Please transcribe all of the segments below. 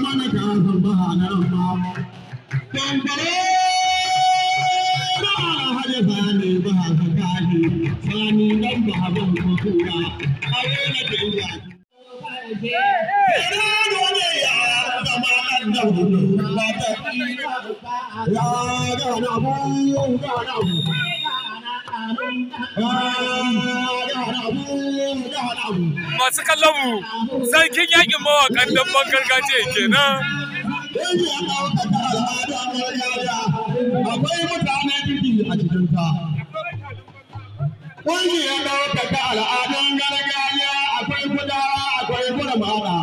mana ta zamba na rabba dangare ba haje bani ba zakani sani dan ba haban ko tura are na dinga Ya ga na bu ga na bu Masu kallon mu sarkin yakin mawakan dabban gargajiya kenan. Akwai mutane biki a cikin ta. cikinta. Ƙungiyar ɗaukaka al'adun gargajiya akwai kuda akwai kuda mata.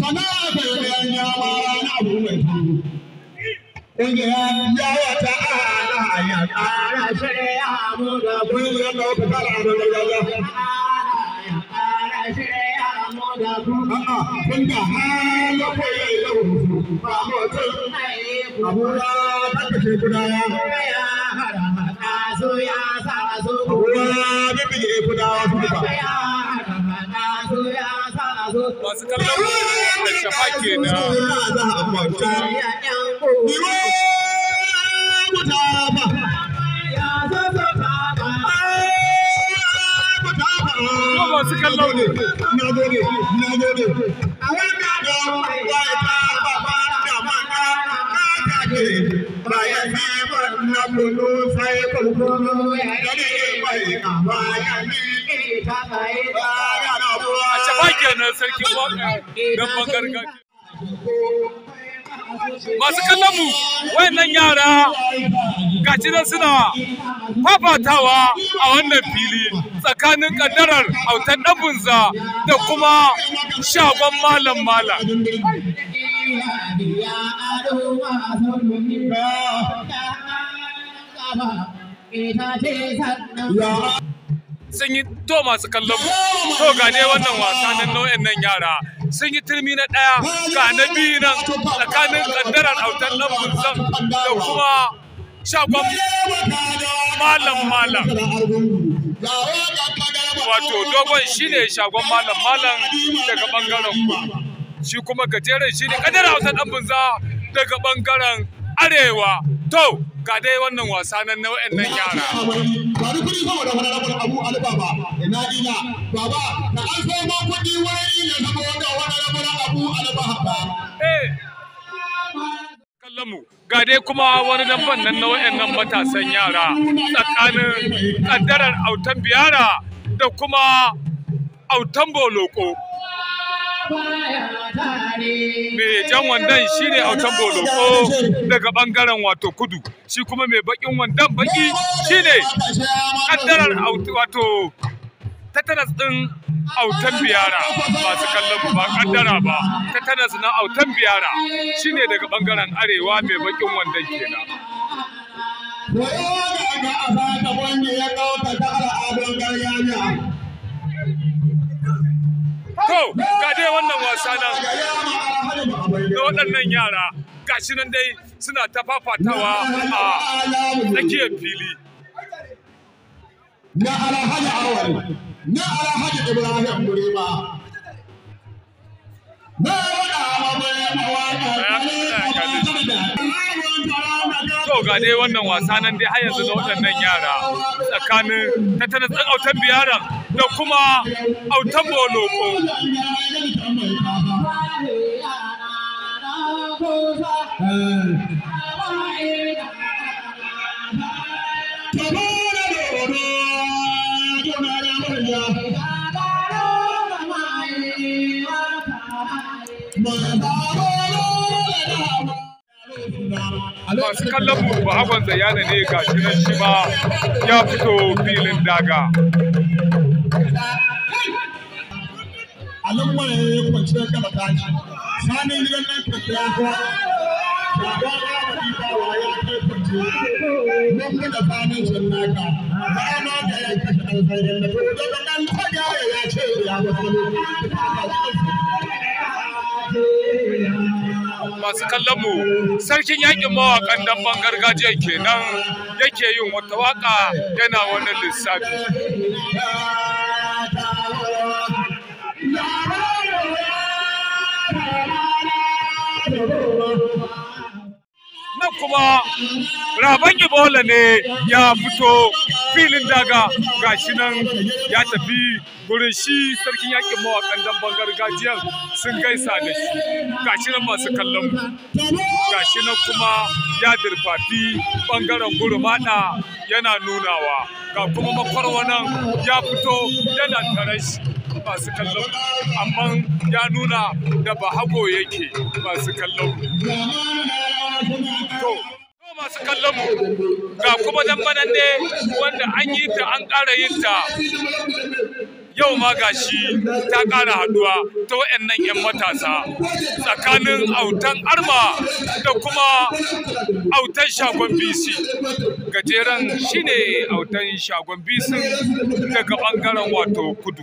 Sana'a ta yi yan yama na abu mai tudu. Ƙungiyar yawa Tunda kallon ya koyi da shafa ke da. masu kallo ne na gode na gode a da bai ta baba da mata na gade bayan ne na bulu sai kulkulu ya ne bai ka ne ta bai ya na buwa kenan bangar masu kallon mu wayannan yara gaci nan suna fafatawa a wannan fili tsakanin kaddarar autan ɗanbunza da kuma shagon malam malam sun yi to masu kallon mu to ga wannan wasa na nau'in nan yara sun yi turmi na ɗaya ga na biyu nan tsakanin kaddarar autar lambun zan da kuma shagon malam malam wato dogon shi ne shagon malam malam daga bangaren shi kuma gajeren shi ne kaddarar autar ɗan za daga ɓangaren arewa to ga dai wannan wasa nan na wayannan yara na baba da an ma kudi wani ne zama wanda wani rabin abu albahaba. Eh. kallonmu ga dai kuma wani damban nan na wayannan matasan yara tsakanin kaddarar autan biyara da kuma autan boloko mai jan wandan shi ne autan boloko daga bangaren wato kudu shi kuma mai bakin wandan baki shi ne kaddarar wato tetanus din autan biyara masu kallon mu ba kaddara ba tetanus na autan biyara shine daga bangaren arewa mai bakin wandon kenan To, ga dai wannan wasa nan da waɗannan yara gashi nan dai suna ta fafatawa a tsakiyar fili. Na alhaji awali. na alhaji ibrahim Ba na wada mabayan mawaka ne da to ga dai wannan wasa nan dai har yanzu da waɗannan yara tsakanin tattalin tsan autan biyaran da kuma autan boloko Oh, masu kallon mu bahagon zayyana ne ga shi nan shi ma ya fito filin daga alin ya yi kwanciyar gaba tashi sanin gidan nan kwanciyar kuwa ba ya mun ba ma da ya kashe da ko ya ce ya wasu ne masu kallon mu sarkin yakin mawakan ban gargajiya kenan yake yin wata waka yana wannan lissafi kuwa raban ibola ne ya fito filin daga gashi nan ya tafi gurin shi sarkin yakin mawakan bangar gajiyar sun gaisa da shi gashi nan masu kallon gashi nan kuma ya dirfafi bangaren gurmada yana nunawa ga kuma makwarwa nan ya fito yana tare shi masu kallon amma ya nuna da ba hago yake masu kallon masu kallon mu ga kuma dambanan ne wanda an yi ta an ƙara yin ta yau ma gashi ta ƙara haduwa ta wayannan 'yan matasa tsakanin autan arma da kuma autan shagon bc gajeren shine autan shagon bc daga ɓangaren wato kudu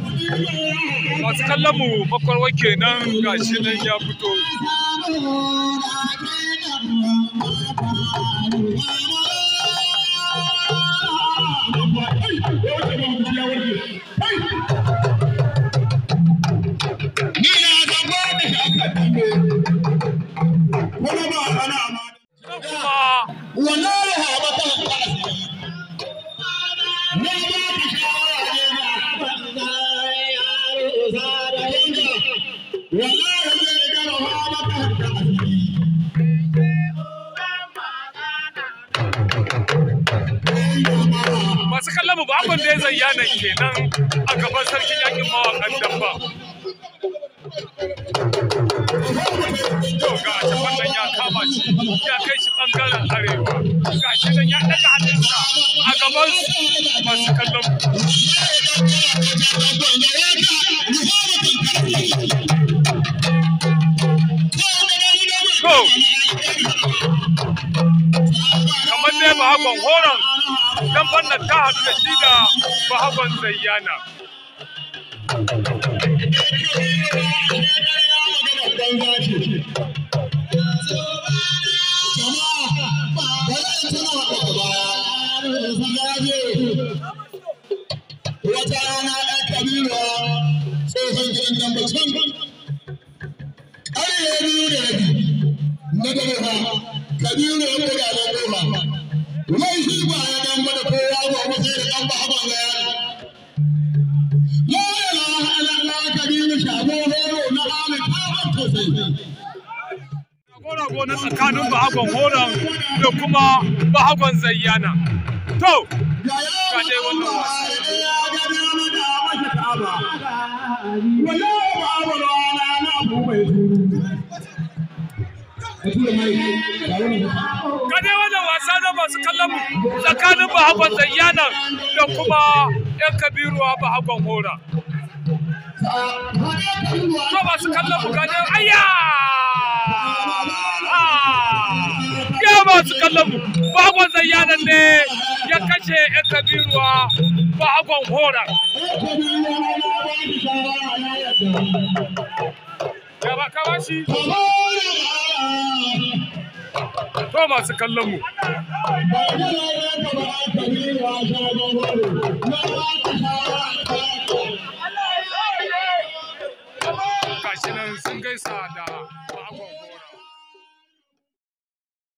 masu kallon mu makwarwa kenan gashi nan ya fito masu kallon mu ba babban da ya zayyana kenan a gaban sarkin yakin mawakan dabba to ga shi wannan ya kama shi ya kai shi bangaren arewa ga shi nan ya ɗaga hannunsa a gaban masu kallon mu kyau kamar dai bahakon horon dan fannin ta hadu da shi da bahakon zayyana wata rana ɗan kabiru tsohon gidan dambacin ƙarfe biyu da rabi na gaba kabiru ya buga da goma wai shi ba ya dan ko ya ba sai da dan ba ba ga ya la ilaha illallah kabiru shago horo na ala kafan tausayi gora na tsakanin bahagon horon da kuma bahagon zayyana to ga dai wannan wasu Kade dai wannan wasa na masu kallon mu tsakanin bahagwan zayyana da kuma yan kabiruwa bahagwan hora to masu kallon mu ka ayya ah! ya masu kallon mu bahagwan zayyana ne ya kashe yan kabiruwa bahagwan hora Ya ba kawashi. to masu kallon mu